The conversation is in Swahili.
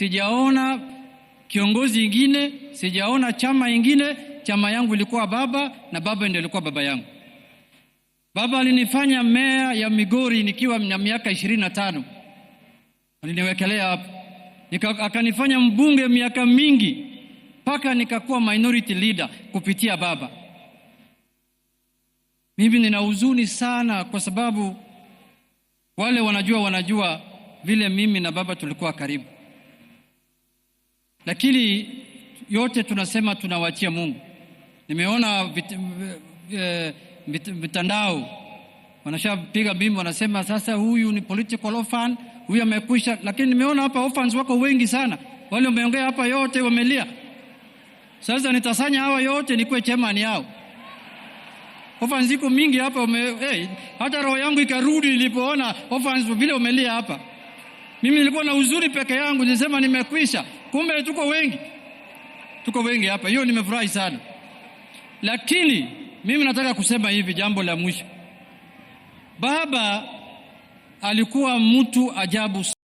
sijaona kiongozi ingine, sijaona chama ingine. Chama yangu ilikuwa baba na baba ndiye alikuwa baba yangu. Baba alinifanya meya ya Migori nikiwa na miaka ishirini na tano aliniwekelea hapo, akanifanya mbunge miaka mingi mpaka nikakuwa minority leader kupitia baba. Mimi nina huzuni sana, kwa sababu wale wanajua wanajua vile mimi na baba tulikuwa karibu. Lakini yote tunasema tunawachia Mungu. Nimeona mitandao e, eh, mitandao wanashapiga bimbo, wanasema sasa huyu ni political orphan, huyu amekwisha. Lakini nimeona hapa orphans wako wengi sana, wale wameongea hapa yote wamelia. Sasa nitasanya hawa yote nikuwe chairman yao. Orphans iko mingi hapa ume, hey, hata roho yangu ikarudi nilipoona orphans vile umelia hapa. Mimi nilikuwa na uzuri peke yangu, nilisema nimekwisha. Kumbe tuko wengi, tuko wengi hapa, hiyo nimefurahi sana. Lakini mimi nataka kusema hivi, jambo la mwisho, baba alikuwa mtu ajabu.